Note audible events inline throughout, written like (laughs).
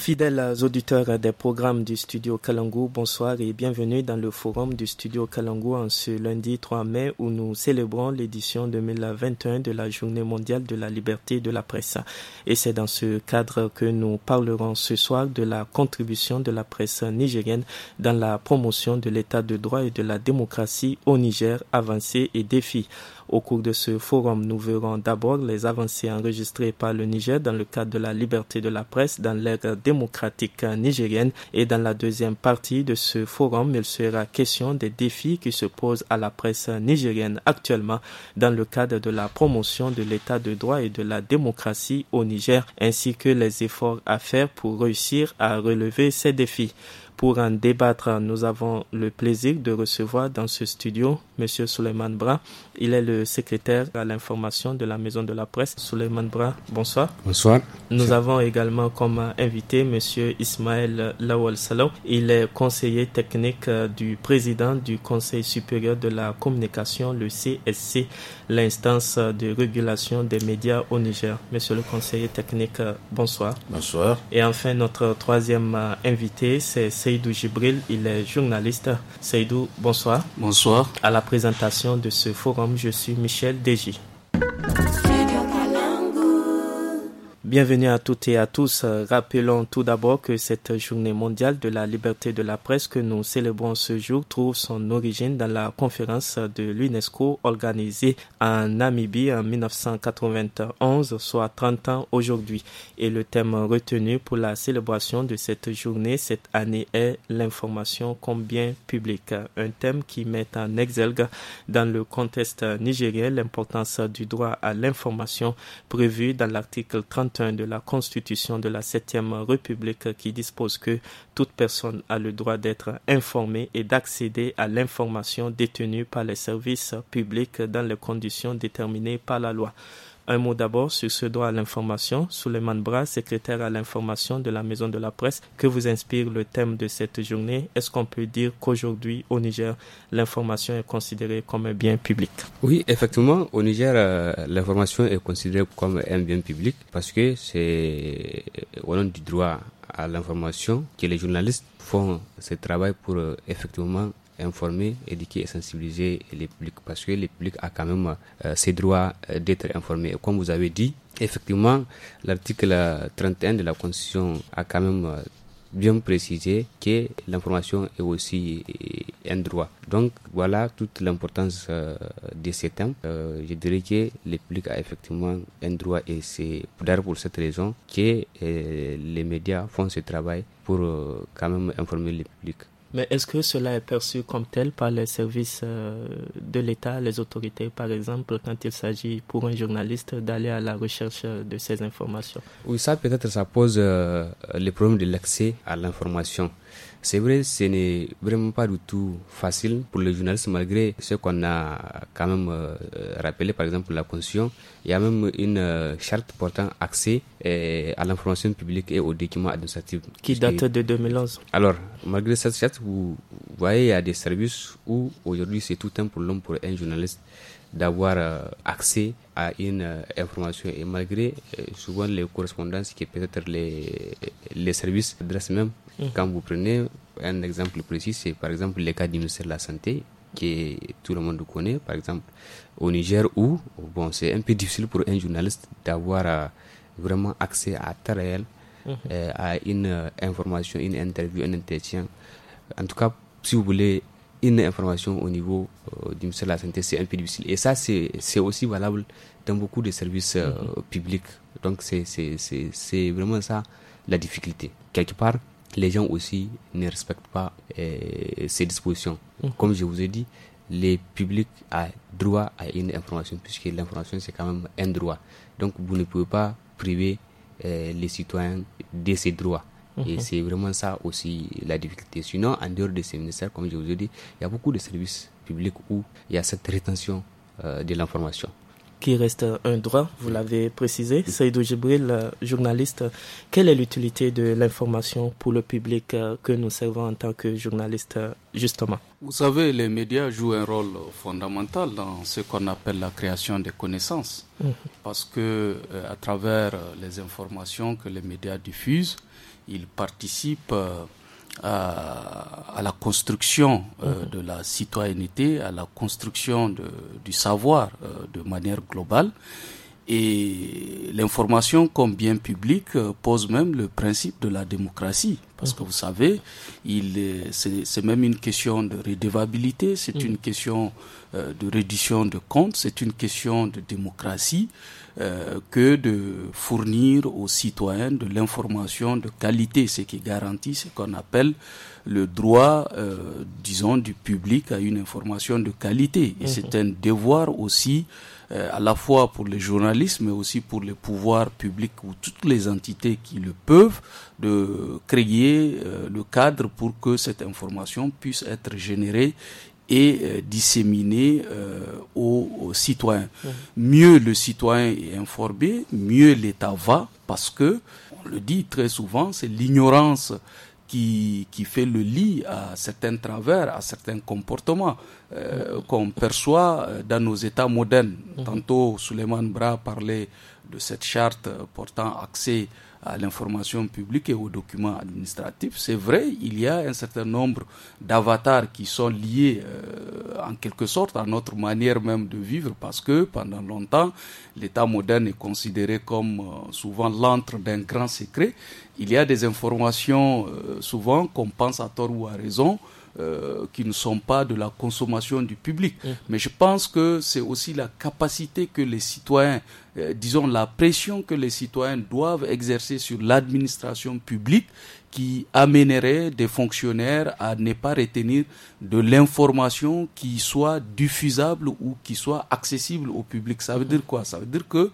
Fidèles auditeurs des programmes du studio Kalangou, bonsoir et bienvenue dans le forum du studio Kalangou en ce lundi 3 mai où nous célébrons l'édition 2021 de la Journée mondiale de la liberté de la presse. Et c'est dans ce cadre que nous parlerons ce soir de la contribution de la presse nigérienne dans la promotion de l'état de droit et de la démocratie au Niger, avancées et défis. Au cours de ce forum, nous verrons d'abord les avancées enregistrées par le Niger dans le cadre de la liberté de la presse dans l'ère démocratique nigérienne et dans la deuxième partie de ce forum, il sera question des défis qui se posent à la presse nigérienne actuellement dans le cadre de la promotion de l'état de droit et de la démocratie au Niger ainsi que les efforts à faire pour réussir à relever ces défis. Pour en débattre, nous avons le plaisir de recevoir dans ce studio M. Suleiman Bra, il est le secrétaire à l'information de la Maison de la Presse, Souleymane Bra. Bonsoir. Bonsoir. Nous avons également comme invité M. Ismaël Lawal Salou. Il est conseiller technique euh, du président du Conseil supérieur de la communication, le CSC, l'instance de régulation des médias au Niger. Monsieur le conseiller technique, euh, bonsoir. Bonsoir. Et enfin, notre troisième euh, invité, c'est Seydou Gibril. Il est journaliste. Seydou, bonsoir. Bonsoir. À la présentation de ce forum je suis Michel Deji. Bienvenue à toutes et à tous. Euh, rappelons tout d'abord que cette journée mondiale de la liberté de la presse que nous célébrons ce jour trouve son origine dans la conférence de l'UNESCO organisée en Namibie en 1991, soit 30 ans aujourd'hui. Et le thème retenu pour la célébration de cette journée cette année est l'information comme bien public. Un thème qui met en exergue dans le contexte nigérien l'importance du droit à l'information prévu dans l'article 30 de la Constitution de la Septième République qui dispose que toute personne a le droit d'être informée et d'accéder à l'information détenue par les services publics dans les conditions déterminées par la loi. Un mot d'abord sur ce droit à l'information. Suleiman Bras, secrétaire à l'information de la Maison de la Presse, que vous inspire le thème de cette journée. Est-ce qu'on peut dire qu'aujourd'hui, au Niger, l'information est considérée comme un bien public Oui, effectivement, au Niger, euh, l'information est considérée comme un bien public parce que c'est euh, au nom du droit à l'information que les journalistes font ce travail pour euh, effectivement informer, éduquer et sensibiliser les publics parce que le public a quand même euh, ses droits euh, d'être informé. comme vous avez dit, effectivement, l'article 31 euh, de la Constitution a quand même bien précisé que l'information est aussi un droit. Donc voilà toute l'importance de ces thèmes. je dirais que le public a effectivement un droit et c'est d'ailleurs pour cette raison que les médias font ce travail pour quand même informer le public. Mais est-ce que cela est perçu comme tel par les services euh, de l'État, les autorités, par exemple, quand il s'agit pour un journaliste d'aller à la recherche de ces informations Oui, ça peut-être ça pose euh, le problème de l'accès à l'information. C'est vrai, ce n'est vraiment pas du tout facile pour les journalistes, malgré ce qu'on a quand même euh, rappelé, par exemple la Constitution. Il y a même une euh, charte portant accès euh, à l'information publique et aux documents administratifs. Qui date de 2011. Alors, malgré cette charte, vous voyez, il y a des services où aujourd'hui c'est tout un problème pour un journaliste d'avoir accès à une information et malgré souvent les correspondances qui peut-être les, les services adressent même quand vous prenez un exemple précis, c'est par exemple le cas du ministère de la Santé, que tout le monde connaît, par exemple au Niger, où bon, c'est un peu difficile pour un journaliste d'avoir euh, vraiment accès à temps réel, mhm. euh, à une euh, information, une interview, un entretien. En tout cas, si vous voulez une information au niveau du ministère de la Santé, c'est un peu difficile. Et ça, c'est aussi valable dans beaucoup de services mhm. publics. Donc, c'est vraiment ça la difficulté. Quelque part, les gens aussi ne respectent pas euh, ces dispositions. Mhm. Comme je vous ai dit, le public a droit à une information, puisque l'information, c'est quand même un droit. Donc, vous ne pouvez pas priver euh, les citoyens de ces droits. Et mhm. c'est vraiment ça aussi la difficulté. Sinon, en dehors de ces ministères, comme je vous ai dit, il y a beaucoup de services publics où il y a cette rétention euh, de l'information qui reste un droit, vous l'avez précisé. Saïdou Gibril, euh, journaliste, quelle est l'utilité de l'information pour le public euh, que nous servons en tant que journaliste, euh, justement Vous savez, les médias jouent un rôle fondamental dans ce qu'on appelle la création des connaissances, mmh. parce que à travers les informations que les médias diffusent, ils participent euh, à, la construction euh, mhm. de la citoyenneté, à la construction de, du savoir euh, de manière globale. Et l'information comme bien public euh, pose même le principe de la démocratie. Parce que vous savez, il c'est même une question de redevabilité, c'est mm. une question euh, de reddition de comptes, c'est une question de démocratie euh, que de fournir aux citoyens de l'information de qualité, ce qui garantit ce qu'on appelle le droit, disons, du public à une information de qualité. Et mm-hmm. c'est un devoir aussi euh, à la fois pour les journalistes, mais aussi pour les pouvoirs publics ou toutes les entités qui le peuvent, de créer euh, le cadre pour que cette information puisse être générée et euh, disséminée aux, citoyens. Mmh. Mieux le citoyen est informé, mieux l'État va, parce que, on le dit très souvent, c'est l'ignorance qui, qui fait le lit à certains travers, à certains comportements euh, qu'on perçoit euh, dans nos États modernes. Mhm. Tantôt, Suleiman Bra parlait de cette charte portant accès à l'information publique et aux documents administratifs. C'est vrai, il y a un certain nombre d'avatars qui sont liés euh, en quelque sorte à notre manière même de vivre parce que pendant longtemps, l'État moderne est considéré comme euh, souvent l'antre d'un grand secret. Il y a des informations euh, souvent qu'on pense à tort ou à raison euh, qui ne sont pas de la consommation du public. Mm. Mais je pense que c'est aussi la capacité que les citoyens, euh, disons la pression que les citoyens doivent exercer sur l'administration publique qui amènerait des fonctionnaires à ne pas retenir de l'information qui soit diffusable ou qui soit accessible au public. Ça veut dire quoi Ça veut dire que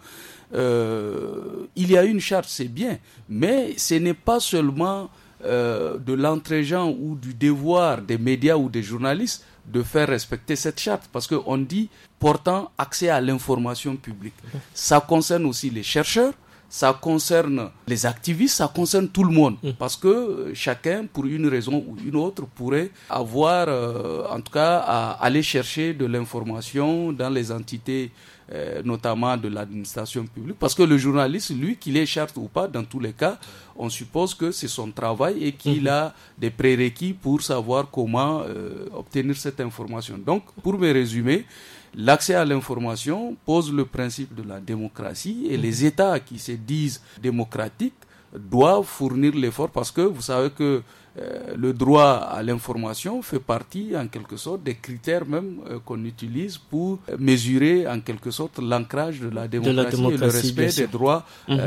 euh, il y a une charte, c'est bien, mais ce n'est pas seulement euh, de l'entregent ou du devoir des médias ou des journalistes de faire respecter cette charte, parce qu'on dit pourtant accès à l'information publique. Ça concerne aussi les chercheurs, ça concerne les activistes, ça concerne tout le monde, mm. parce que euh, chacun, pour une raison ou une autre, pourrait avoir, euh, en tout cas, à aller chercher de l'information dans les entités euh, notamment de l'administration publique, parce que le journaliste, lui, qu'il est charte ou pas, dans tous les cas, on suppose que c'est son travail et qu'il mhm. a des prérequis pour savoir comment euh, obtenir cette information. Donc, pour me résumer, L'accès à l'information pose le principe de la démocratie et les mhm. États qui se disent démocratiques doivent fournir l'effort parce que vous savez que euh, le droit à l'information fait partie en quelque sorte des critères même euh, qu'on utilise pour euh, mesurer en quelque sorte l'ancrage de, la démocratie et le respect des droits, mhm.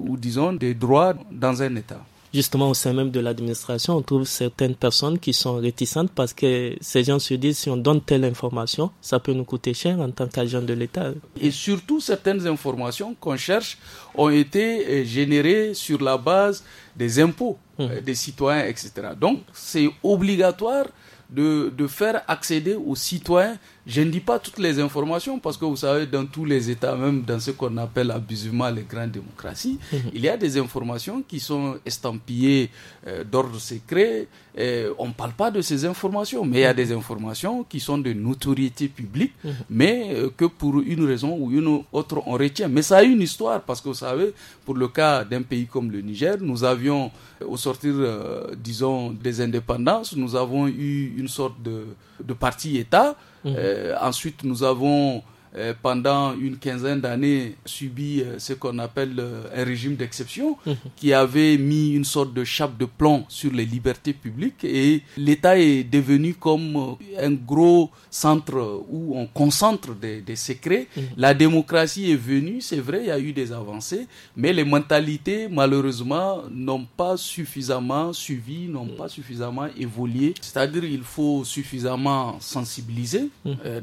ou disons des droits dans un État justement au sein même de l'administration, on trouve certaines personnes qui sont réticentes parce que ces gens se disent si on donne telle information, ça peut nous coûter cher en tant qu'agent de l'État. Et surtout, certaines informations qu'on cherche ont été générées sur la base des impôts euh, hum. des citoyens, etc. Donc, c'est obligatoire de, de, faire accéder aux citoyens je ne dis pas toutes les informations parce que vous savez, dans tous les États, même dans ce qu'on appelle abusivement les grandes démocraties, mhm. il y a des informations qui sont estampillées euh, d'ordre secret. Euh, on ne parle pas de ces informations, mais il y a mhm. des informations qui sont de notoriété publique, mhm. mais euh, que pour une raison ou une autre, on retient. Mais ça a une histoire parce que vous savez, pour le cas d'un pays comme le Niger, nous avions, au sortir, disons, des indépendances, nous avons eu une sorte de parti-État euh, ensuite, nous avons euh, pendant une quinzaine d'années, subi euh, ce qu'on appelle euh, un régime d'exception (laughs) mhm. qui avait mis une sorte de chape de plomb sur les libertés publiques et l'État est devenu comme un gros centre où on concentre des, secrets. Mhm. La démocratie est venue, c'est vrai, il y a eu des avancées, mais les mentalités, malheureusement, n'ont pas suffisamment suivi, n'ont mhm. pas suffisamment évolué. C'est-à-dire il faut suffisamment sensibiliser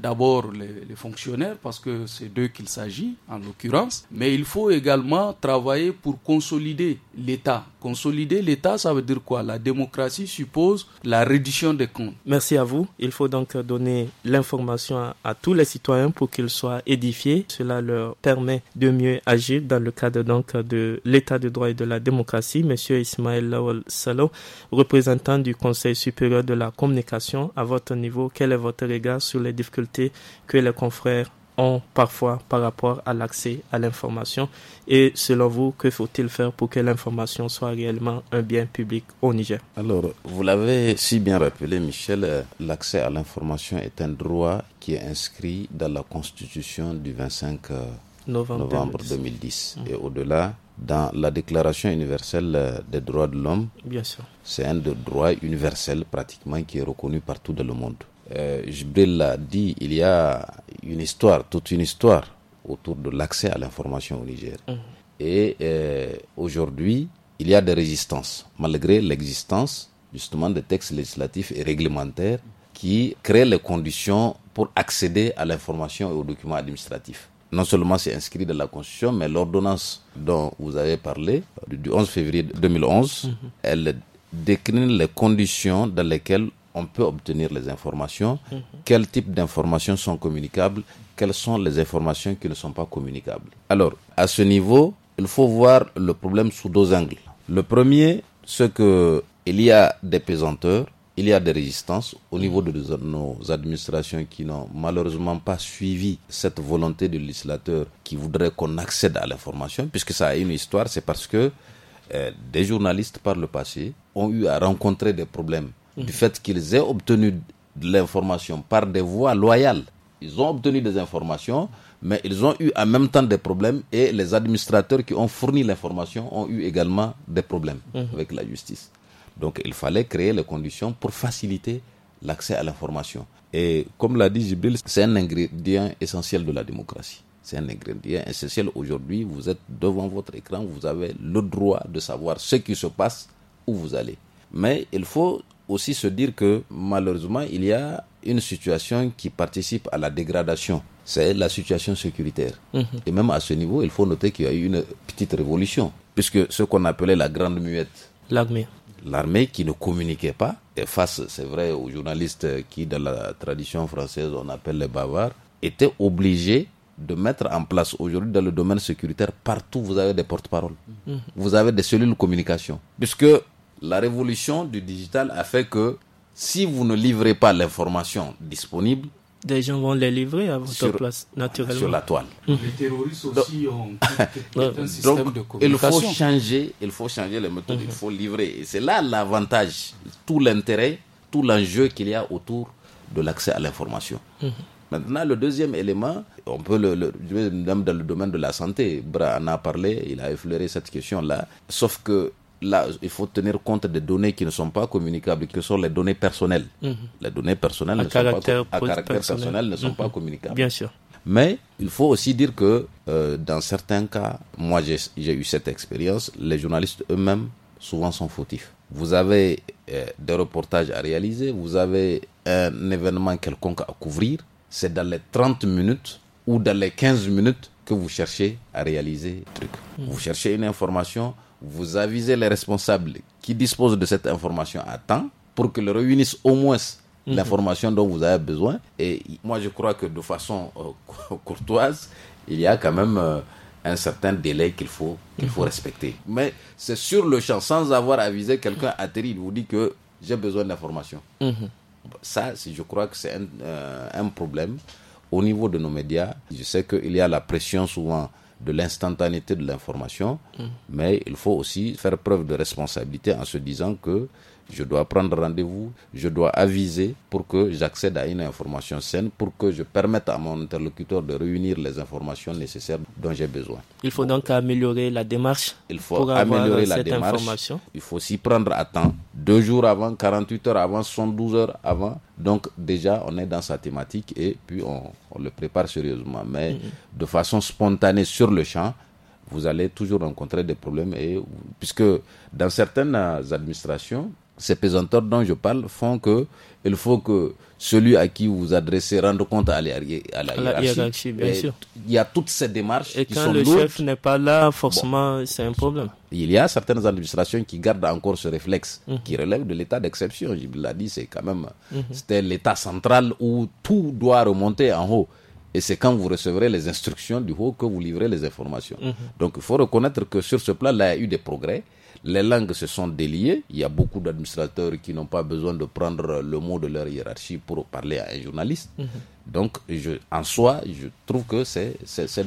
d'abord les fonctionnaires parce que c'est d'eux qu'il s'agit en l'occurrence, mais il faut également travailler pour consolider l'État. Consolider l'État, ça veut dire quoi La démocratie suppose la réduction des comptes. Merci à vous. Il faut donc donner l'information à, tous les citoyens pour qu'ils soient édifiés. Cela leur permet de mieux agir dans le cadre donc de l'État de droit et de la démocratie. Monsieur Ismaël Lawal Salo, représentant du Conseil supérieur de la communication, à votre niveau, quel est votre regard sur les difficultés que les confrères parfois par rapport à l'accès à l'information Et selon vous, que faut-il faire pour que l'information soit réellement un bien public au Niger Alors, vous l'avez si bien rappelé, Michel, euh, l'accès à l'information est un droit qui est inscrit dans la Constitution du 25 euh, novembre, 2010. Hum. Et au-delà, dans la Déclaration universelle euh, des droits de l'homme, c'est un droit universel pratiquement qui est reconnu partout dans le monde. Euh, Jibril l'a dit, il y a une histoire, toute une histoire autour de l'accès à l'information au Niger. Mmh. Et euh, aujourd'hui, il y a des résistances, malgré l'existence justement des textes législatifs et réglementaires qui créent les conditions pour accéder à l'information et aux documents administratifs. Non seulement c'est inscrit dans la Constitution, mais l'ordonnance dont vous avez parlé, du 11 février 2011, mmh. elle décline les conditions dans lesquelles on peut obtenir les informations, quel type d'informations sont communicables, quelles sont les informations qui ne sont pas communicables. Alors, à ce niveau, il faut voir le problème sous deux angles. Le premier, c'est qu'il y a des pesanteurs, il y a des résistances au niveau de nos administrations qui n'ont malheureusement pas suivi cette volonté du législateur qui voudrait qu'on accède à l'information, puisque ça a une histoire, c'est parce que euh, des journalistes par le passé ont eu à rencontrer des problèmes Mhm. du fait qu'ils aient obtenu de l'information par des voies loyales. Ils ont obtenu des informations, mais ils ont eu en même temps des problèmes et les administrateurs qui ont fourni l'information ont eu également des problèmes mhm. avec la justice. Donc il fallait créer les conditions pour faciliter l'accès à l'information. Et comme l'a dit Jibril, c'est un ingrédient essentiel de la démocratie. C'est un ingrédient essentiel. Aujourd'hui, vous êtes devant votre écran, vous avez le droit de savoir ce qui se passe, où vous allez. Mais il faut aussi se dire que malheureusement, il y a une situation qui participe à la dégradation. C'est la situation sécuritaire. Mhm. Et même à ce niveau, il faut noter qu'il y a eu une petite révolution, puisque ce qu'on appelait la grande muette. L'armée. L'armée qui ne communiquait pas, et face, c'est vrai, aux journalistes qui, dans la tradition française, on appelle les bavards, était obligés de mettre en place aujourd'hui dans le domaine sécuritaire, partout vous avez des porte-paroles, mhm. vous avez des cellules de communication. Puisque la révolution du digital a fait que si vous ne livrez pas l'information disponible, des gens vont les livrer à votre sur, place, naturellement. Sur la toile. Mhm. Les terroristes aussi ont (laughs) un système de communication. Il faut changer, il faut changer les méthodes, il mhm. faut livrer. Et c'est là l'avantage, tout l'intérêt, tout l'enjeu qu'il y a autour de l'accès à l'information. Mhm. Maintenant, le deuxième élément, on peut le, même dans le domaine de la santé, Bra a parlé, il a effleuré cette question-là, sauf que là, il faut tenir compte des données qui ne sont pas communicables, qui sont les données personnelles. Mhm. Les données personnelles à caractère, pas, à caractère personnel, ne sont pas mhm. communicables. Bien sûr. Mais il faut aussi dire que euh, dans certains cas, moi j'ai eu cette expérience, les journalistes eux-mêmes souvent sont fautifs. Vous avez euh, des reportages à réaliser, vous avez un événement quelconque à couvrir, c'est dans les 30 minutes ou dans les 15 minutes que vous cherchez à réaliser le truc. Mhm. Vous cherchez une information, vous avisez les responsables qui disposent de cette information à temps pour qu'ils réunissent au moins mhm. l'information dont vous avez besoin. Et moi, je crois que de façon euh, (laughs) courtoise, il y a quand même euh, un certain délai qu'il faut, faut mhm. respecter. Mais c'est sur le champ, sans avoir avisé quelqu'un à il vous dit que j'ai besoin d'informations. Mhm. Ça, je crois que c'est un, euh, un problème au niveau de nos médias. Je sais qu'il y a la pression souvent de l'instantanéité de l'information, mm. mais il faut aussi faire preuve de responsabilité en se disant que je dois prendre rendez-vous, je dois aviser pour que j'accède à une information saine, pour que je permette à mon interlocuteur de réunir les informations nécessaires dont j'ai besoin. Il faut donc améliorer la démarche. Il faut améliorer avoir la démarche. Information. Il faut s'y prendre à temps. Deux jours avant, 48 heures avant, 112 heures avant. Donc déjà, on est dans sa thématique et puis on, le prépare sérieusement. Mais mm-hmm. de façon spontanée sur le champ, vous allez toujours rencontrer des problèmes et puisque dans certaines administrations, ces pesanteurs dont je parle font que il faut que celui à qui vous adressez rende compte à, à Il y a toutes ces démarches Et quand le chef n'est pas là, forcément, c'est un problème. Il y a certaines administrations qui gardent encore ce réflexe, mhm. qui relève de l'état d'exception. Je l'ai dit, c'est quand même, mhm. c'était l'état central où tout doit remonter en haut. Et c'est quand vous recevrez les instructions du haut que vous livrez les informations. Mhm. Donc il faut reconnaître que sur ce plan-là, il y a eu des progrès les langues se sont déliées. Il y a beaucoup d'administrateurs qui n'ont pas besoin de prendre le mot de leur hiérarchie pour parler à un journaliste. Mhm. Donc, je, en soi, je trouve que c'est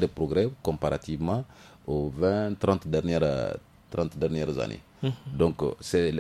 des progrès comparativement aux 20, 30 dernières, 30 dernières années. Mhm. Donc, c'est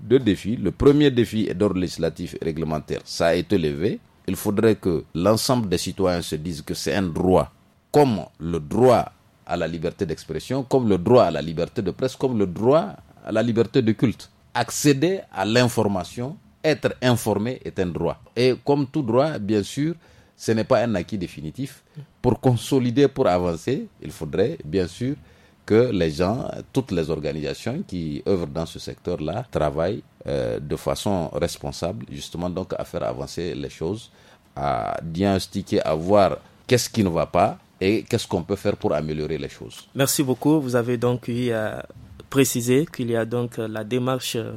deux défis. Le premier défi est d'ordre législatif et réglementaire. Ça a été levé. Il faudrait que l'ensemble des citoyens se disent que c'est un droit, comme le droit à la liberté d'expression, comme le droit à la liberté de presse, comme le droit à la liberté de culte. Accéder à l'information, être informé est un droit. Et comme tout droit, bien sûr, ce n'est pas un acquis définitif. Pour consolider, pour avancer, il faudrait bien sûr que les gens, toutes les organisations qui œuvrent dans ce secteur-là, travaillent euh, de façon responsable, justement donc à faire avancer les choses, à diagnostiquer, à voir qu'est-ce qui ne va pas, et qu'est-ce qu'on peut faire pour améliorer les choses. Merci beaucoup. Vous avez donc eu à qu'il y a donc la démarche euh,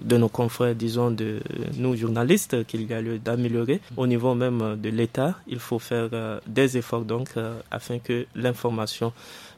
de nos confrères, disons, de nous journalistes, qu'il y a lieu d'améliorer. Au niveau même de l'État, il faut faire euh, des efforts donc euh, afin que l'information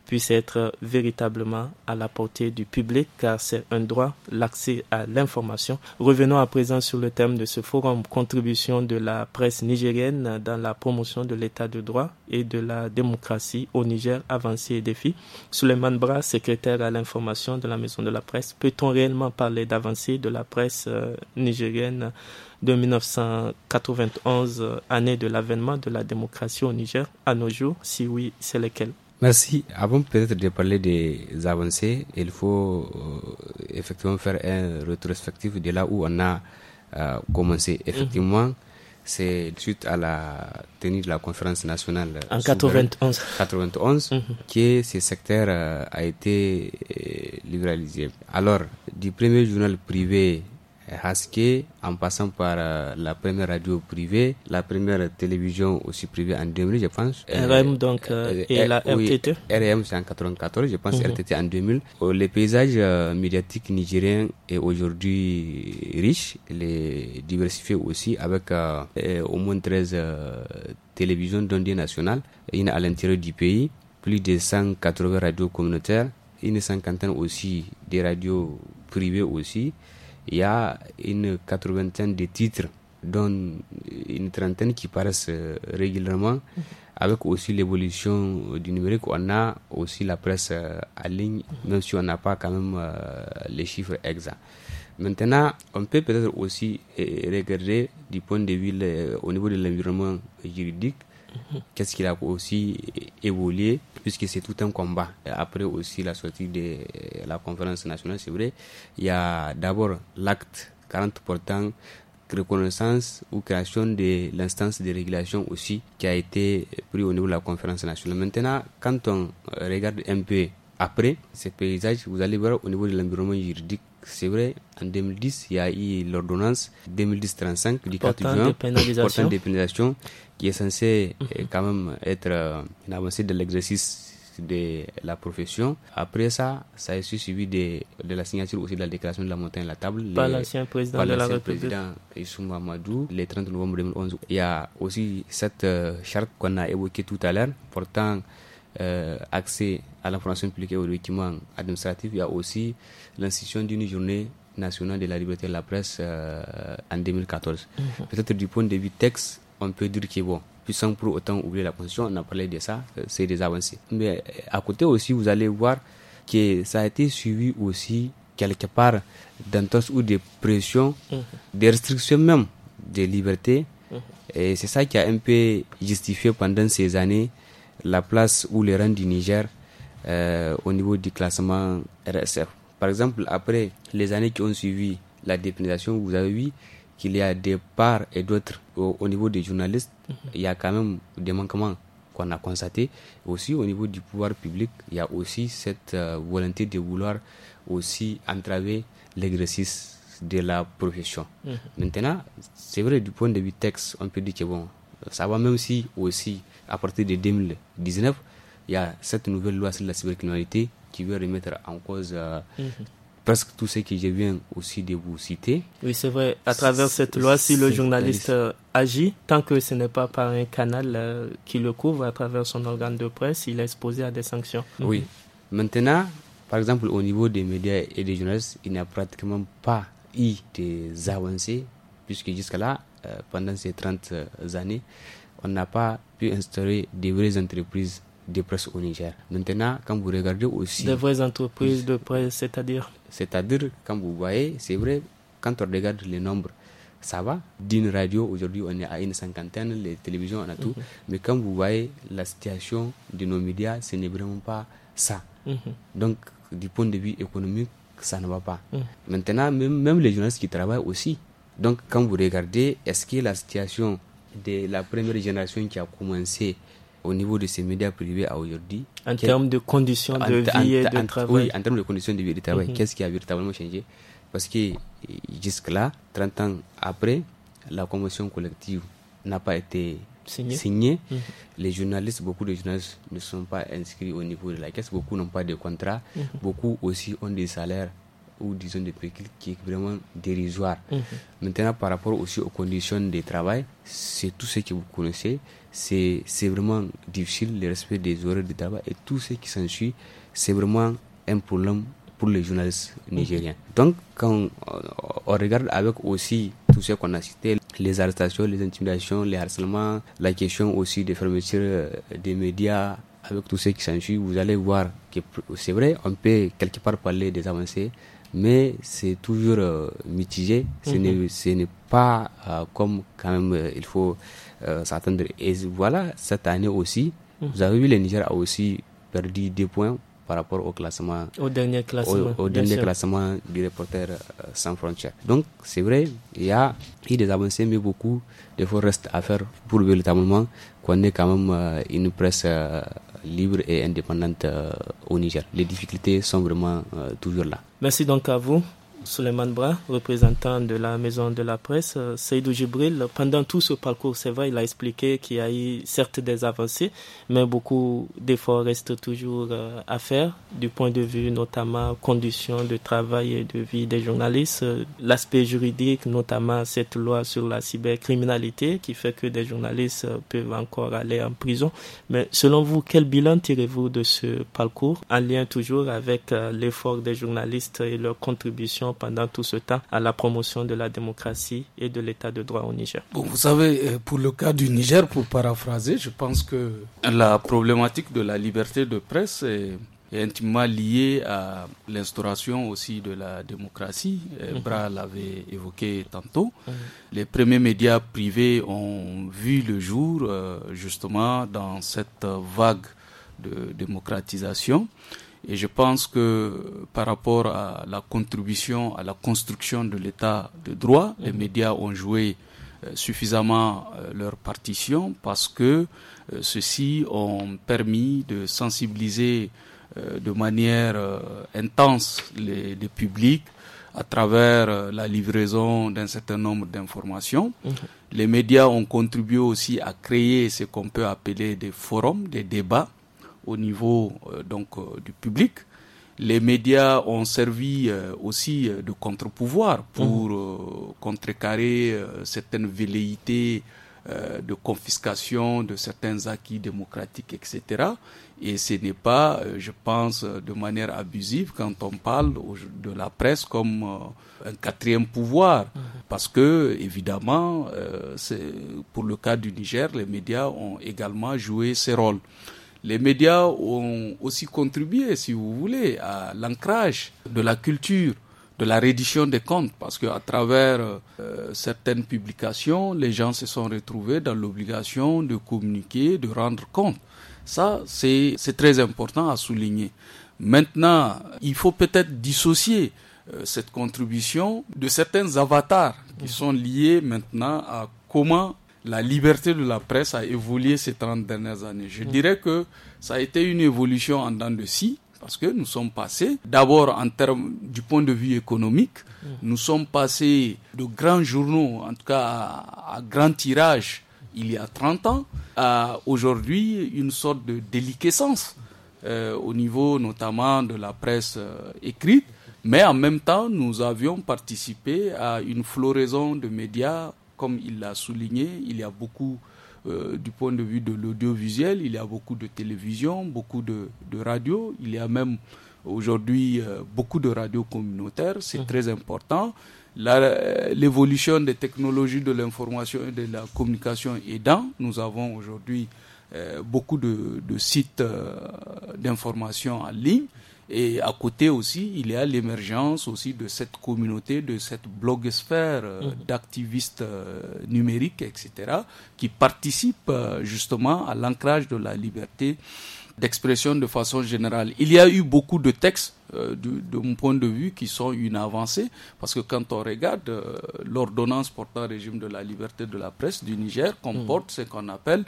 puisse être véritablement à la portée du public, car c'est un droit, l'accès à l'information. Revenons à présent sur le thème de ce forum, contribution de la presse nigérienne dans la promotion de l'état de droit et de la démocratie au Niger, avancée et défis. Suleiman Bra, secrétaire à l'information de la Maison de la Presse, peut-on réellement parler d'avancée de la presse euh, nigérienne de 1991, euh, année de l'avènement de la démocratie au Niger, à nos jours Si oui, c'est lequel Merci. Avant peut-être de parler des avancées, il faut euh, effectivement faire un rétrospectif de là où on a euh, commencé. Mhm. Effectivement, c'est suite à la tenue de la conférence nationale en 91, 91 mhm. que ce secteur euh, a été libéralisé. Alors, du premier journal privé Haske en passant par euh, la première radio privée, la première télévision aussi privée en 2000, je pense. RM euh, donc euh, et, la RTT RM c'est en 1994, je pense, mhm. RTT en 2000. Le paysage médiatique nigérien est aujourd'hui riche, les diversifié aussi avec au moins 13 télévisions d'ondes nationales, une à l'intérieur du pays, plus de 180 radios communautaires, une cinquantaine aussi des radios privées aussi il y a une quatre-vingtaine de titres, dont une trentaine qui paraissent euh, régulièrement. Mhm. Avec aussi l'évolution euh, du numérique, on a aussi la presse euh, en ligne, même si on n'a pas quand même les chiffres exacts. Maintenant, on peut peut-être aussi regarder du point de vue au niveau de l'environnement juridique Qu'est-ce qu'il a aussi évolué, puisque c'est tout un combat. Après aussi la sortie de la conférence nationale, c'est vrai, il y a d'abord l'acte 40 portant reconnaissance ou création de l'instance de régulation aussi qui a été pris au niveau de la conférence nationale. Maintenant, quand on regarde un peu après ces paysages, vous allez voir au niveau de l'environnement juridique c'est vrai, en 2010, il y a eu l'ordonnance 2010-35 du 4 juin portant pénalisations, qui est censée euh, mhm. quand même être euh, une avancée de l'exercice de la profession. Après ça, ça a suivi de, de la signature aussi de la déclaration de la montagne à la table. Par l'ancien président de Mamadou, le 30 novembre 2011. Il y a aussi cette euh, charte qu'on a évoquée tout à l'heure portant euh, accès à l'information publique et aux documents administratifs. Il y a aussi l'institution d'une journée nationale de la liberté de la presse euh, en 2014. Mhm. Peut-être du point de vue texte, on peut dire que bon, puis sans pour autant oublier la Constitution, on a parlé de ça, euh, c'est des avancées. Mais à côté aussi, vous allez voir que ça a été suivi aussi quelque part d'entorses ou de pressions, mhm. des restrictions même des libertés. Mhm. Et c'est ça qui a un peu justifié pendant ces années la place ou le rang du Niger euh, au niveau du classement RSF. Par exemple, après les années qui ont suivi la dépénalisation, vous avez vu qu'il y a des parts et d'autres au, niveau des journalistes. Mhm. Il y a quand même des manquements qu'on a constatés. Aussi, au niveau du pouvoir public, il y a aussi cette euh, volonté de vouloir aussi entraver l'exercice de la profession. Mhm. Maintenant, c'est vrai du point de vue texte, on peut dire que bon, euh, ça va même si aussi, à partir de 2019, il y a cette nouvelle loi sur la cybercriminalité qui veut remettre en cause euh, mhm. presque tout ce que je viens aussi de vous citer. Oui, c'est vrai. À travers cette loi, si le journaliste euh, agit, tant que ce n'est pas par un canal qui le couvre à travers son organe de presse, il est exposé à des sanctions. Oui. Mhm. Maintenant, par exemple, au niveau des médias et des journalistes, il n'y a pratiquement pas eu des avancées, puisque jusqu'à là, euh, pendant ces 30 euh, années, on n'a pas pu instaurer des vraies entreprises de presse au Niger. Maintenant, quand vous regardez aussi... Des vraies entreprises de presse, c'est-à-dire C'est-à-dire, quand vous voyez, c'est vrai, quand on regarde les nombres, ça va. D'une radio, aujourd'hui, on est à une cinquantaine, les télévisions, on a tout. Mhm. Mais quand vous voyez la situation de nos médias, ce n'est vraiment pas ça. Mhm. Donc, du point de vue économique, ça ne va pas. Mhm. Maintenant, même, même les journalistes qui travaillent aussi, donc, quand vous regardez, est-ce que la situation de la première génération qui a commencé au niveau de ces médias privés à aujourd'hui. En termes de conditions de vie et de travail. Oui, en termes de conditions de vie et de travail. Mhm. Qu'est-ce qui a véritablement changé Parce que jusque-là, 30 ans après, la convention collective n'a pas été signée. Mhm. Les journalistes, beaucoup de journalistes ne sont pas inscrits au niveau de la caisse, beaucoup n'ont pas de contrat, mhm. beaucoup aussi ont des salaires ou disons de pécule qui est vraiment dérisoire. Mhm. Maintenant, par rapport aussi aux conditions de travail, c'est tout ce que vous connaissez, c'est vraiment difficile le respect des horaires de travail et tout ce qui s'ensuit, c'est vraiment un problème pour les journalistes mhm. nigériens. Donc, quand euh, on regarde avec aussi tout ce qu'on a cité, les arrestations, les intimidations, les harcèlements, la question aussi des fermetures euh, des médias, avec tout ce qui s'ensuit, vous allez voir que c'est vrai, on peut quelque part parler des avancées, mais c'est toujours euh, mitigé. Mhm. Ce n'est pas euh, comme quand même euh, il faut s'attendre. Et voilà, cette année aussi, mhm. vous avez vu, le Niger a aussi perdu des points par rapport au classement, au dernier classement, du reporter sans frontières. Donc c'est vrai, il y a eu des avancées, mais beaucoup de choses restent à faire pour véritablement qu'on ait quand même une presse libre et indépendante au Niger. Les difficultés sont vraiment toujours là. Merci donc à vous. Suleiman Brun, représentant de la maison de la presse. Euh, Seydou Gibril, pendant tout ce parcours, c'est vrai, il a expliqué qu'il y a eu certes des avancées, mais beaucoup d'efforts restent toujours euh, à faire, du point de vue notamment conditions de travail et de vie des journalistes, euh, l'aspect juridique, notamment cette loi sur la cybercriminalité qui fait que des journalistes peuvent encore aller en prison. Mais selon vous, quel bilan tirez-vous de ce parcours en lien toujours avec l'effort des journalistes et leur contribution pendant tout ce temps à la promotion de la démocratie et de l'état de droit au Niger. Bon, vous savez, euh, pour le cas du Niger, pour paraphraser, je pense que la problématique de la liberté de presse est intimement liée à l'instauration aussi de la démocratie. Mmh. Bra l'avait évoqué tantôt. Mhm. Les premiers médias privés ont vu le jour euh, justement dans cette vague de démocratisation. Et je pense que par rapport à la contribution à la construction de l'État de droit, les mhm. médias ont joué euh, suffisamment euh, leur partition parce que euh, ceux-ci ont permis de sensibiliser de manière intense les, publics à travers la livraison d'un certain nombre d'informations. Mhm. Les médias ont contribué aussi à créer ce qu'on peut appeler des forums, des débats au niveau euh, donc euh, du public. Les médias ont servi euh, aussi de contre-pouvoir pour mmh. contrecarrer certaines velléités de confiscation de certains acquis démocratiques, etc. Et ce n'est pas, je pense, de manière abusive quand on parle de la presse comme un quatrième pouvoir, mmh. parce que, évidemment, pour le cas du Niger, les médias ont également joué ces rôles les médias ont aussi contribué, si vous voulez, à l'ancrage de la culture de la reddition des comptes, parce qu'à travers euh, certaines publications, les gens se sont retrouvés dans l'obligation de communiquer, de rendre compte. Ça, c'est très important à souligner. Maintenant, il faut peut-être dissocier euh, cette contribution de certains avatars qui sont liés maintenant à comment la liberté de la presse a évolué ces 30 dernières années. Je dirais que ça a été une évolution en dents de scie parce que nous sommes passés, d'abord en termes du point de vue économique, nous sommes passés de grands journaux, en tout cas à, grands grand tirage, il y a 30 ans, à aujourd'hui une sorte de déliquescence euh, au niveau notamment de la presse euh, écrite, mais en même temps, nous avions participé à une floraison de médias comme il l'a souligné, il y a beaucoup, euh, du point de vue de l'audiovisuel, il y a beaucoup de télévision, beaucoup de, radio, il y a même aujourd'hui euh, beaucoup de radios communautaires, c'est ah. très important. L'évolution des technologies de l'information et de la communication est aidant, nous avons aujourd'hui euh, beaucoup de sites d'information en ligne. Et à côté aussi, il y a l'émergence aussi de cette communauté, de cette blogosphère euh, mhm. d'activistes euh, numériques, etc., qui participent euh, justement à l'ancrage de la liberté d'expression de façon générale. Il y a eu beaucoup de textes, euh, de, mon point de vue, qui sont une avancée, parce que quand on regarde euh, l'ordonnance portant régime de la liberté de la presse du Niger, comporte mm. ce qu'on appelle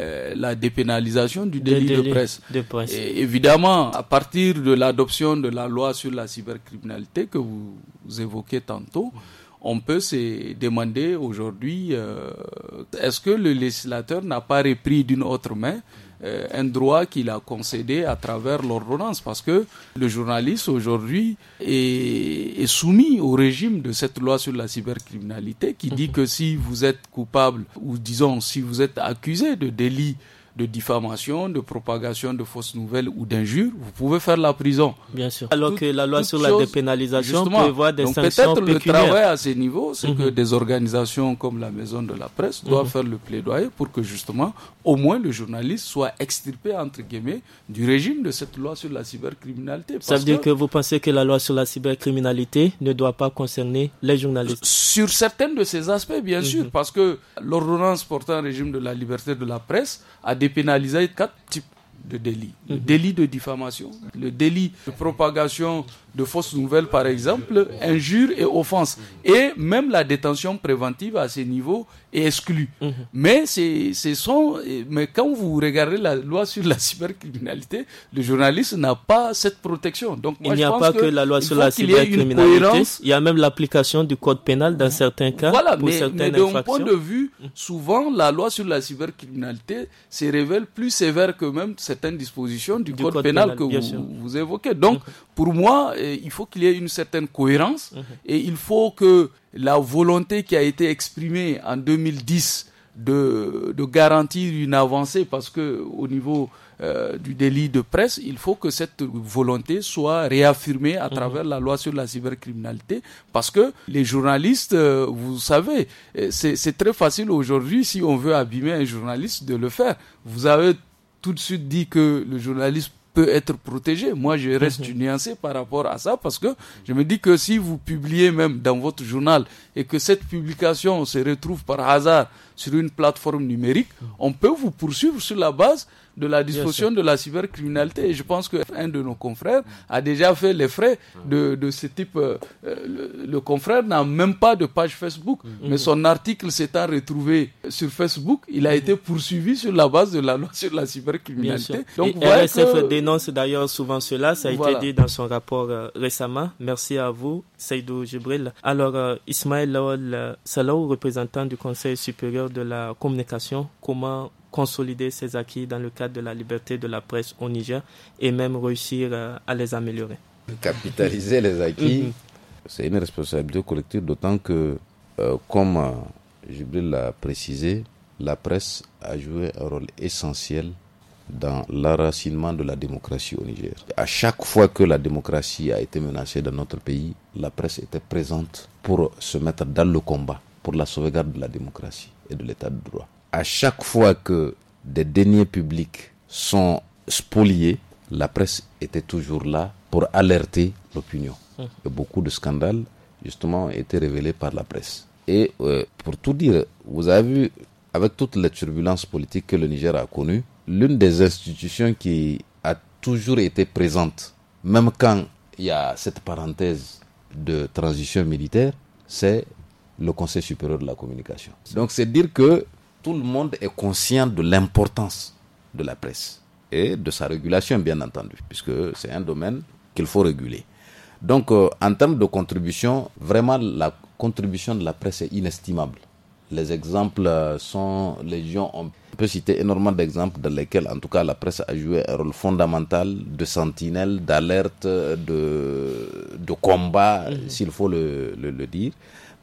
euh, la dépénalisation du délit, de, presse. évidemment, à partir de l'adoption de la loi sur la cybercriminalité que vous évoquez tantôt, on peut se demander aujourd'hui, est-ce que le législateur n'a pas repris d'une autre main euh, un droit qu'il a concédé à travers l'ordonnance, parce que le journaliste aujourd'hui est, soumis au régime de cette loi sur la cybercriminalité qui dit mhm. que si vous êtes coupable, ou disons si vous êtes accusé de délit de diffamation, de propagation de fausses nouvelles ou d'injures, vous pouvez faire la prison. Bien sûr. Alors que la loi sur la dépénalisation prévoit des Donc Peut-être le travail à ce niveau, c'est que mhm. des organisations comme la Maison de la Presse doivent mhm. faire le plaidoyer pour que justement, au moins le journaliste soit extirpé entre guillemets du régime de cette loi sur la cybercriminalité. Ça veut dire que, vous pensez que la loi sur la cybercriminalité ne doit pas concerner les journalistes euh, Sur certains de ces aspects, bien mhm. sûr, parce que l'ordonnance portant régime de la liberté de la presse a des Pénaliser quatre types de délits. Le mhm. délit de diffamation, le délit de propagation de fausses nouvelles, par exemple, injures et offenses. Et même la détention préventive à ces niveaux est exclue. Mhm. Mais, c'est, sont, mais quand vous regardez la loi sur la cybercriminalité, le journaliste n'a pas cette protection. Donc, il n'y a pas que, la loi sur la cybercriminalité. Il y a même l'application du code pénal dans mhm. certains cas. pour mais, mais d'un point de vue, souvent, la loi sur la cybercriminalité se révèle plus sévère que même certaines dispositions du, code, pénal, que vous, évoquez. Donc, mhm pour moi, eh, il faut qu'il y ait une certaine cohérence mhm. et il faut que la volonté qui a été exprimée en 2010 de, garantir une avancée, parce que au niveau euh, du délit de presse, il faut que cette volonté soit réaffirmée à mhm. travers la loi sur la cybercriminalité, parce que les journalistes, euh, vous savez, eh, c'est très facile aujourd'hui, si on veut abîmer un journaliste, de le faire. Vous avez tout de suite dit que le journaliste peut être protégé. Moi, je mhm. reste nuancé par rapport à ça parce que je me dis que si vous publiez même dans votre journal et que cette publication se retrouve par hasard sur une plateforme numérique, mhm. on peut vous poursuivre sur la base de la discussion de la cybercriminalité. Et je pense qu'un de nos confrères a déjà fait les frais de, de ce type. Euh, le, confrère n'a même pas de page Facebook, mm-hmm. mais son article s'est retrouvé sur Facebook, il a été poursuivi sur la base de la loi sur la cybercriminalité. Donc, RSF dénonce d'ailleurs souvent cela, ça a été dit dans son rapport euh, récemment. Merci à vous, Seydou Jibril. Alors, euh, Ismaël Lawal Salou, représentant du Conseil supérieur de la communication, comment consolider ces acquis dans le cadre de la liberté de la presse au Niger et même réussir euh, à les améliorer. Capitaliser les acquis, mhm. c'est une responsabilité collective, d'autant que, euh, comme euh, Jibril l'a précisé, la presse a joué un rôle essentiel dans l'enracinement de la démocratie au Niger. À chaque fois que la démocratie a été menacée dans notre pays, la presse était présente pour se mettre dans le combat, pour la sauvegarde de la démocratie et de l'état de droit à chaque fois que des deniers publics sont spoliés, la presse était toujours là pour alerter l'opinion. beaucoup de scandales, justement, ont été révélés par la presse. Et euh, pour tout dire, vous avez vu, avec toutes les turbulences politiques que le Niger a connues, l'une des institutions qui a toujours été présente, même quand il y a cette parenthèse de transition militaire, c'est le Conseil supérieur de la communication. Donc c'est dire que tout le monde est conscient de l'importance de la presse et de sa régulation, bien entendu, puisque c'est un domaine qu'il faut réguler. Donc, euh, en termes de contribution, vraiment, la contribution de la presse est inestimable. Les exemples euh, sont légion. On peut citer énormément d'exemples dans lesquels, en tout cas, la presse a joué un rôle fondamental de sentinelle, d'alerte, de, de combat, mhm. s'il faut le, dire.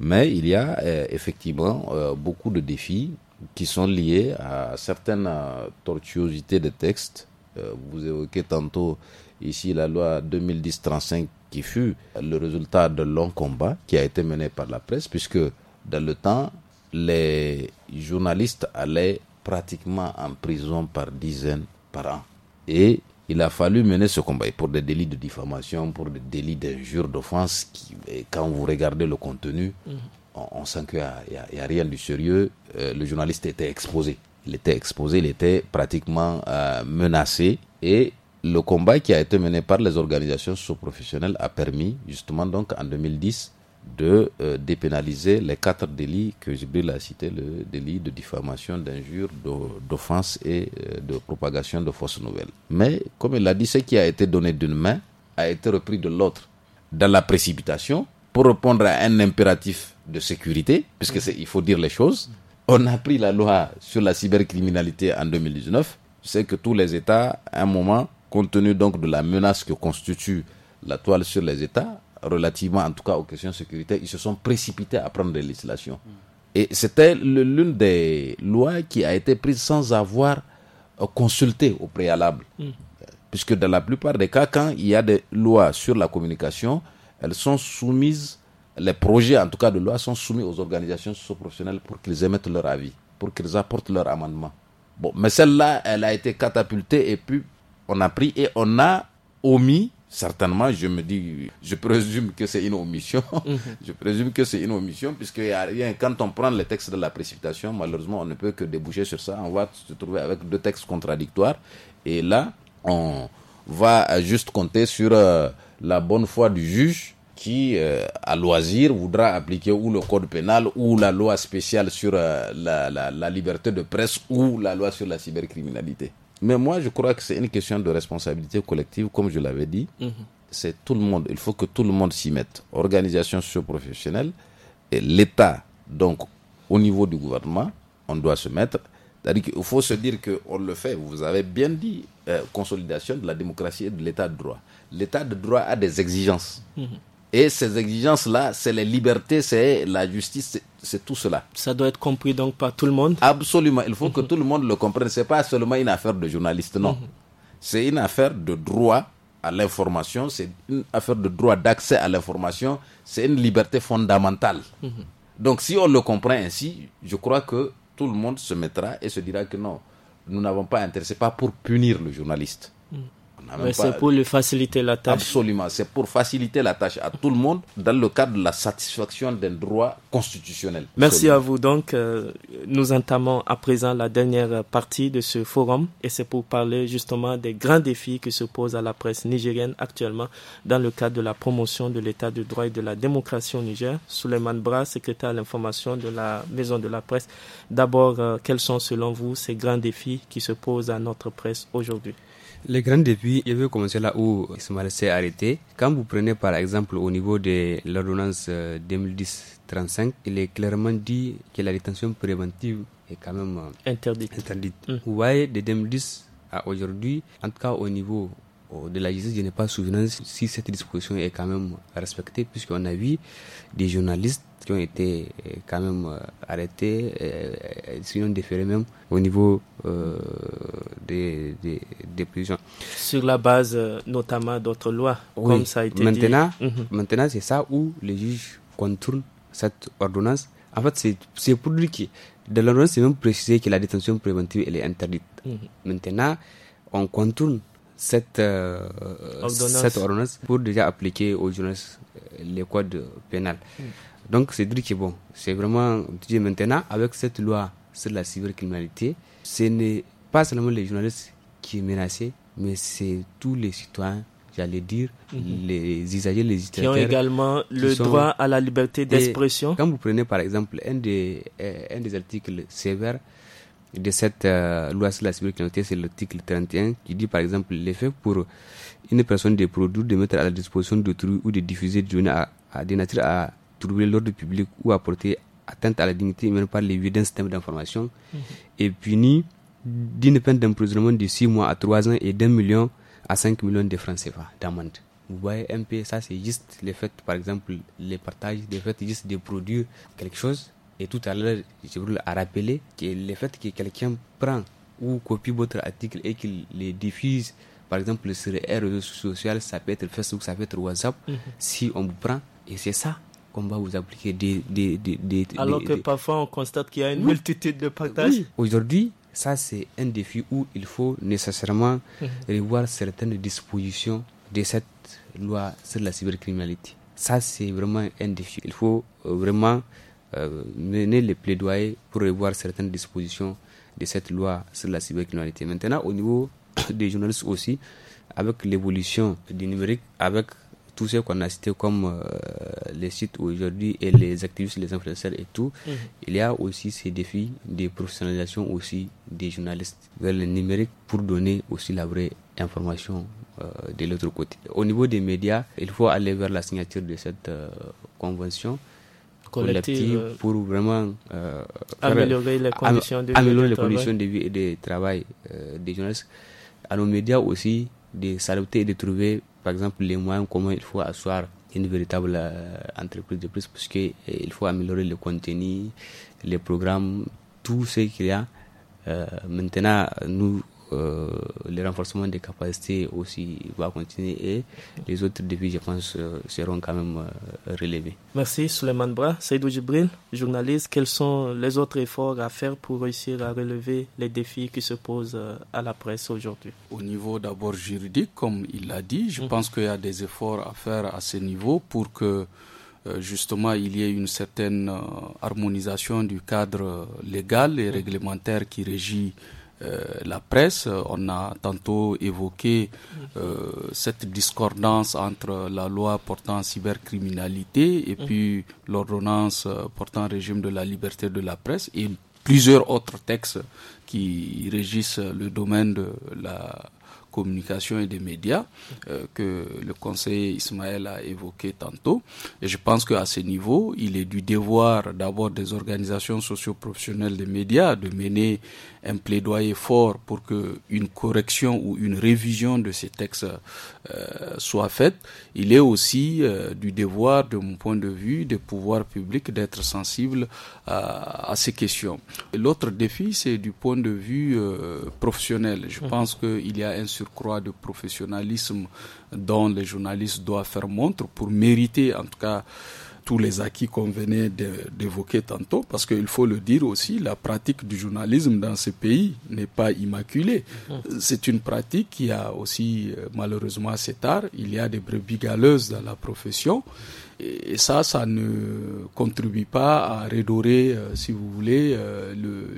Mais il y a euh, effectivement beaucoup de défis qui sont liées à certaines euh, tortuosités des textes. Euh, vous évoquez tantôt ici la loi 2010-35 qui fut le résultat de long combat qui a été mené par la presse, puisque dans le temps, les journalistes allaient pratiquement en prison par dizaines par an. Et il a fallu mener ce combat pour des délits de diffamation, pour des délits d'injures d'offense. Quand vous regardez le contenu, mhm on, sent qu'il n'y a, rien du sérieux. Euh, le journaliste était exposé. Il était exposé, il était pratiquement euh, menacé. Et le combat qui a été mené par les organisations sous-professionnelles a permis, justement, donc en 2010, de euh, dépénaliser les quatre délits que Jibril a cités, le délit de diffamation, d'injure, d'offense et de propagation de fausses nouvelles. Mais, comme il l'a dit, ce qui a été donné d'une main a été repris de l'autre, dans la précipitation, pour répondre à un impératif de sécurité, puisque mm. c'est, il faut dire les choses. On a pris la loi sur la cybercriminalité en 2019. C'est que tous les États, à un moment, compte tenu donc de la menace que constitue la toile sur les États, relativement en tout cas aux questions sécuritaires, ils se sont précipités à prendre des législations. Mm. Et c'était l'une des lois qui a été prise sans avoir euh, consulté au préalable. Mm. Puisque dans la plupart des cas, quand il y a des lois sur la communication, elles sont soumises les projets, en tout cas de loi, sont soumis aux organisations socio-professionnelles pour qu'ils émettent leur avis, pour qu'ils apportent leur amendement. Bon, mais celle-là, elle a été catapultée et puis on a pris et on a omis, certainement, je me dis, je présume que c'est une omission, mhm. (laughs) je présume que c'est une omission, puisque quand on prend les textes de la précipitation, malheureusement, on ne peut que déboucher sur ça, on va se trouver avec deux textes contradictoires, et là, on va juste compter sur euh, la bonne foi du juge qui, euh, à loisir, voudra appliquer ou le code pénal ou la loi spéciale sur euh, la, la, liberté de presse ou la loi sur la cybercriminalité. Mais moi, je crois que c'est une question de responsabilité collective, comme je l'avais dit. Mhm. C'est tout le monde. Il faut que tout le monde s'y mette. Organisation socio et l'État, donc au niveau du gouvernement, on doit se mettre. C'est-à-dire qu'il faut se dire qu'on le fait. Vous avez bien dit euh, consolidation de la démocratie et de l'État de droit. L'État de droit a des exigences. Mhm. Et ces exigences-là, c'est les libertés, c'est la justice, c'est tout cela. Ça doit être compris donc par tout le monde Absolument. Il faut que mhm. tout le monde le comprenne. Ce n'est pas seulement une affaire de journaliste, non. Mhm. C'est une affaire de droit à l'information, c'est une affaire de droit d'accès à l'information, c'est une liberté fondamentale. Mhm. Donc si on le comprend ainsi, je crois que tout le monde se mettra et se dira que non, nous n'avons pas intérêt. Ce pas pour punir le journaliste. Mais c'est pour faciliter la tâche. Absolument, c'est pour faciliter la tâche à tout le monde dans le cadre de la satisfaction d'un droit constitutionnel. Merci à vous. Donc, euh, nous entamons à présent la dernière partie de ce forum et c'est pour parler justement des grands défis qui se posent à la presse nigérienne actuellement dans le cadre de la promotion de l'état de droit et de la démocratie au Niger. Souleymane Bra, secrétaire à l'information de la Maison de la Presse. D'abord, euh, quels sont selon vous ces grands défis qui se posent à notre presse aujourd'hui? Les grand depuis, je vais commencer là où Ismaël s'est arrêté. Quand vous prenez par exemple au niveau de l'ordonnance 2010-35, euh, il est clairement dit que la détention préventive est quand même euh, interdite. interdite. Mmh. Vous voyez, de 2010 à aujourd'hui, en tout cas au niveau euh, de la justice, je n'ai pas souvenance si cette disposition est quand même respectée, puisqu'on a vu des journalistes qui ont été euh, quand même euh, arrêtés, euh, sinon déférés même au niveau des, des, prisons. Sur la base notamment d'autres lois, comme ça a été maintenant, dit. Mhm. Maintenant, c'est ça où les juges contournent cette ordonnance. En fait, c'est pour lui que dans l'ordonnance, c'est même précisé que la détention préventive elle est interdite. Mhm. Maintenant, on contourne cette, ordonnance. cette ordonnance pour déjà appliquer aux journalistes les codes pénals. Mhm. Donc c'est dire que bon, c'est vraiment, maintenant, avec cette loi sur la cybercriminalité, ce n'est pas seulement les journalistes qui sont menacés, mais c'est tous les citoyens j'allais dire, mhm. les usagers, les Qui ont également le droit à la liberté d'expression. Quand vous prenez par exemple un des, euh, un des articles sévères de cette euh, loi sur la cybercriminalité, c'est l'article 31 qui dit par exemple l'effet pour une personne de produire, de mettre à la disposition d'autrui ou de diffuser des données à, des nature à troubler l'ordre public ou apporter atteinte à la dignité même par les vies d'un système d'information mhm. et est puni d'une peine d'emprisonnement de 6 mois à 3 ans et d'un million à 5 millions de francs CFA d'amende. Vous voyez, un ça c'est juste le fait, par exemple, les partages, le fait juste de produire quelque chose. Et tout à l'heure, je voulais rappeler que le fait que quelqu'un prend ou copie votre article et qu'il le diffuse, par exemple, sur les réseaux sociaux, ça peut être Facebook, ça peut être WhatsApp, mhm. si on vous prend, et c'est ça qu'on va vous appliquer des... Alors que parfois on constate qu'il y a une multitude de partages. Aujourd'hui, ça c'est un défi où il faut nécessairement mhm. revoir certaines dispositions de cette loi sur la cybercriminalité. Ça c'est vraiment un défi. Il faut euh, vraiment euh, mener les plaidoyers pour revoir certaines dispositions de cette loi sur la cybercriminalité. Maintenant, au niveau (coughs) des journalistes aussi, avec l'évolution du numérique, avec tout ce qu'on a cité comme euh, les sites aujourd'hui et les activistes, les influenceurs et tout, mhm. il y a aussi ces défis de professionnalisation aussi des journalistes vers le numérique pour donner aussi la vraie information euh, de l'autre côté. Au niveau des médias, il faut aller vers la signature de cette euh, convention collective pour vraiment améliorer les conditions de vie, et de travail des journalistes. À nos médias aussi, de s'adapter et de trouver par exemple, les moyens comment il faut asseoir une véritable euh, entreprise de presse, parce euh, qu'il faut améliorer le contenu, les programmes, tout ce qu'il y a. Euh, maintenant, nous, euh, le renforcement des capacités aussi va continuer et les autres défis, je pense, euh, seront quand même euh, relevés. Merci Suleiman Bra. Saïdou Djibril, journaliste, quels sont les autres efforts à faire pour réussir à relever les défis qui se posent à la presse aujourd'hui Au niveau d'abord juridique, comme il l'a dit, je mm. pense qu'il y a des efforts à faire à ce niveau pour que justement il y ait une certaine harmonisation du cadre légal et réglementaire qui régit euh, la presse. Euh, on a tantôt évoqué euh, cette discordance entre la loi portant cybercriminalité et mhm. puis l'ordonnance portant régime de la liberté de la presse et plusieurs autres textes qui régissent le domaine de la communication et des médias euh, que le conseiller Ismaël a évoqué tantôt. Et je pense qu'à ce niveau, il est du devoir d'avoir des organisations socioprofessionnelles des médias de mener un plaidoyer fort pour que une correction ou une révision de ces textes euh, soit faite. Il est aussi euh, du devoir, de mon point de vue, des pouvoirs publics d'être sensibles à ces questions. L'autre défi, c'est du point de vue professionnel. Je mmh. pense qu'il y a un surcroît de professionnalisme dont les journalistes doivent faire montre pour mériter en tout cas tous les acquis qu'on venait d'évoquer tantôt, parce qu'il faut le dire aussi, la pratique du journalisme dans ce pays n'est pas immaculée. C'est une pratique qui a aussi, euh, malheureusement, assez tard Il y a des brebis galeuses dans la profession. Et ça, ça ne contribue pas à redorer, euh, si vous voulez, euh,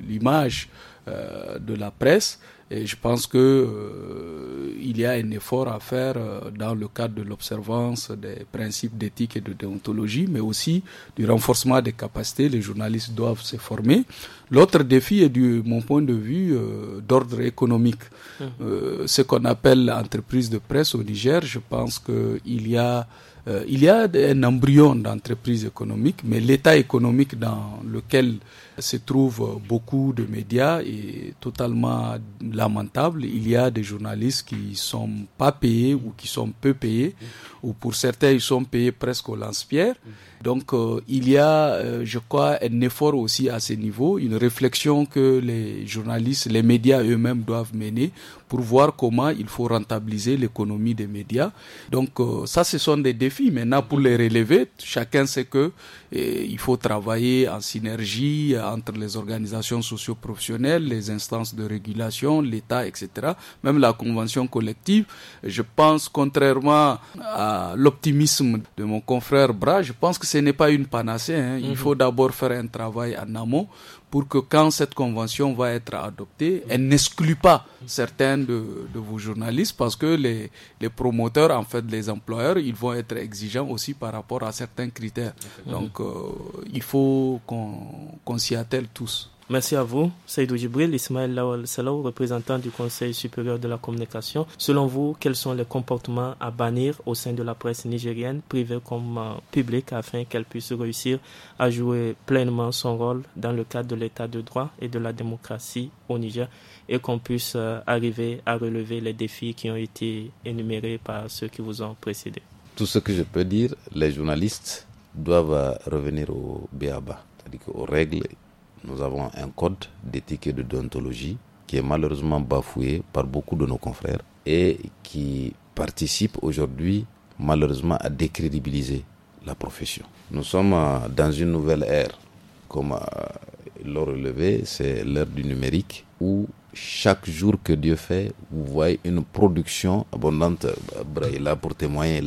l'image de la presse. Et je pense que euh, il y a un effort à faire euh, dans le cadre de l'observance des principes d'éthique et de déontologie, mais aussi du renforcement des capacités. Les journalistes doivent se former. L'autre défi est, du mon point de vue, euh, d'ordre économique. Hum. ce qu'on appelle l'entreprise de presse au Niger, je pense qu'il y a il y a un embryon d'entreprise économique, mais l'état économique dans lequel se trouve beaucoup de médias et totalement lamentable. Il y a des journalistes qui sont pas payés ou qui sont peu payés, ou pour certains, ils sont payés presque au lance-pierre. Donc, euh, il y a, euh, je crois, un effort aussi à ce niveau, une réflexion que les journalistes, les médias eux-mêmes doivent mener pour voir comment il faut rentabiliser l'économie des médias. Donc, euh, ça, ce sont des défis. Maintenant, pour les relever, chacun sait que il faut travailler en synergie, entre les organisations socioprofessionnelles, les instances de régulation, l'État, etc., même la convention collective. Je pense, contrairement à l'optimisme de mon confrère Bras, je pense que ce n'est pas une panacée. Hein. Il mhm. faut d'abord faire un travail en amont pour que quand cette convention va être adoptée, elle n'exclut pas certains de, vos journalistes parce que les, promoteurs, en fait, les employeurs, ils vont être exigeants aussi par rapport à certains critères. Donc, euh, il faut qu'on s'y attelle tous. Merci à vous. Saïdou Djibril, Ismaël Lawal Selo, représentant du Conseil supérieur de la communication. Selon vous, quels sont les comportements à bannir au sein de la presse nigérienne, privée comme euh, publique, afin qu'elle puisse réussir à jouer pleinement son rôle dans le cadre de l'état de droit et de la démocratie au Niger et qu'on puisse euh, arriver à relever les défis qui ont été énumérés par ceux qui vous ont précédés Tout ce que je peux dire, les journalistes doivent euh, revenir au BABA, c'est-à-dire aux règles nous avons un code d'éthique et de déontologie qui est malheureusement bafoué par beaucoup de nos confrères et qui participe aujourd'hui malheureusement à décrédibiliser la profession. Nous sommes euh, dans une nouvelle ère, comme euh, l'a relevé, c'est l'ère du numérique où chaque jour que Dieu fait, vous voyez une production abondante. Il là pour témoigner,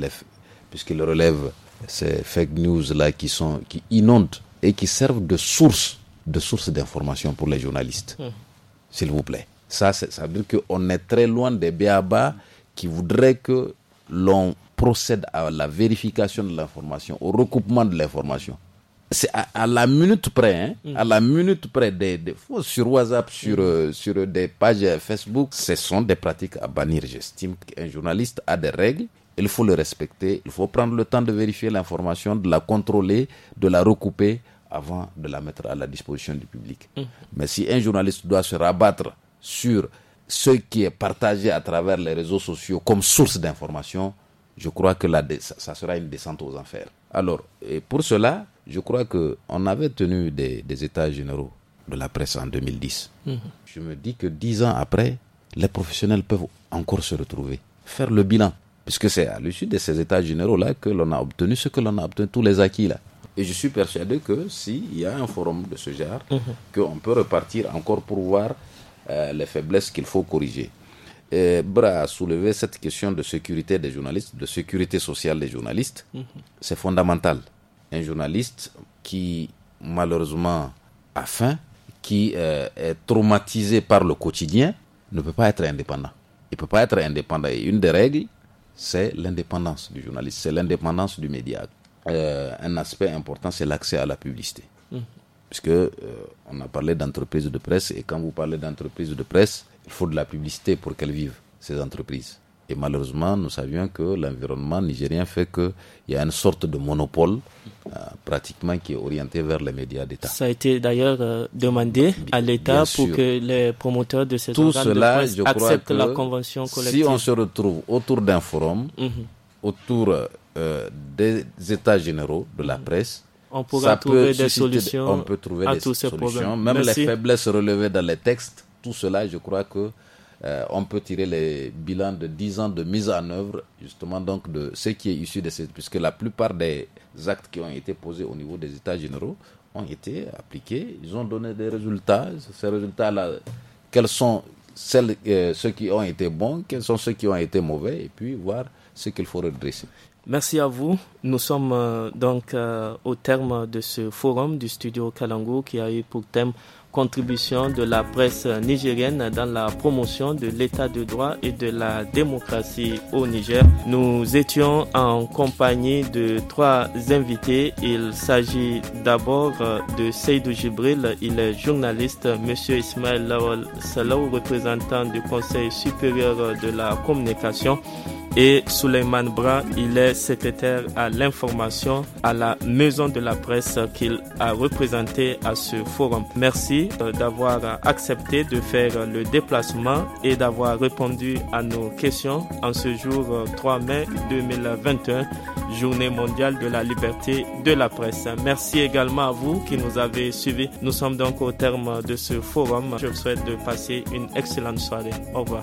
puisqu'il relève ces fake news là qui sont qui inondent et qui servent de source de sources d'information pour les journalistes. Hum. S'il vous plaît. Ça, ça veut dire qu'on est très loin des Béaba qui voudraient que l'on procède à la vérification de l'information, au recoupement de l'information. C'est à, la minute près, hein, hum. à la minute près des, sur WhatsApp, sur, hum. euh, sur des pages Facebook, ce sont des pratiques à bannir. J'estime qu'un journaliste a des règles, il faut le respecter, il faut prendre le temps de vérifier l'information, de la contrôler, de la recouper avant de la mettre à la disposition du public. Mm. Mais si un journaliste doit se rabattre sur ce qui est partagé à travers les réseaux sociaux comme source d'information, je crois que ça sera une descente aux enfers. Alors, et pour cela, je crois qu'on avait tenu des, états généraux de la presse en 2010. Mm-hmm. Je me dis que dix ans après, les professionnels peuvent encore se retrouver, faire le bilan, puisque c'est à l'issue de ces états généraux-là que l'on a obtenu ce que l'on a obtenu, tous les acquis-là. Et je suis persuadé que s'il y a un forum de ce genre, mhm. qu'on peut repartir encore pour voir euh, les faiblesses qu'il faut corriger. Bras Bra a soulevé cette question de sécurité des journalistes, de sécurité sociale des journalistes. Mhm. C'est fondamental. Un journaliste qui, malheureusement, a faim, qui euh, est traumatisé par le quotidien, ne peut pas être indépendant. Il ne peut pas être indépendant. Et une des règles, c'est l'indépendance du journaliste, c'est l'indépendance du média. Euh, un aspect important, c'est l'accès à la publicité. Puisqu'on hum. Puisque euh, on a parlé d'entreprises de presse, et quand vous parlez d'entreprises de presse, il faut de la publicité pour qu'elles vivent, ces entreprises. Et malheureusement, nous savions que l'environnement nigérien fait qu'il y a une sorte de monopole euh, pratiquement qui est orienté vers les médias d'État. Ça a été d'ailleurs demandé à l'État pour que les promoteurs de ces Tout de presse acceptent la convention collective. Si on se retrouve autour d'un forum, mhm. autour euh, des états généraux de la presse, on pourra trouver des solutions. trouver à tous ces Problèmes. Même les faiblesses relevées dans les textes, tout cela, je crois que euh, on peut tirer les bilans de 10 ans de mise en œuvre, justement, donc, de ce qui est issu de ces. Puisque la plupart des actes qui ont été posés au niveau des États généraux ont été appliqués, ils ont donné des résultats. Ces résultats-là, quels sont euh, ceux qui ont été bons, quels sont ceux qui ont été mauvais, et puis voir ce qu'il faut redresser. Merci à vous. Nous sommes euh, donc euh, au terme de ce forum du studio Kalango qui a eu pour thème contribution de la presse nigérienne dans la promotion de l'état de droit et de la démocratie au Niger. Nous étions en compagnie de trois invités. Il s'agit d'abord euh, de Seydou Jibril, il est journaliste, Monsieur Ismail Lawal Salou, représentant du Conseil supérieur de la communication et Suleiman Bra, il est secrétaire à l'information à la Maison de la Presse qu'il a représentée à ce forum. Merci euh, d'avoir accepté de faire le déplacement et d'avoir répondu à nos questions en ce jour 3 euh, mai 2021, journée mondiale de la liberté de la presse. Merci également à vous qui nous avez suivis. Nous sommes donc au terme de ce forum. Je vous souhaite de passer une excellente soirée. Au revoir.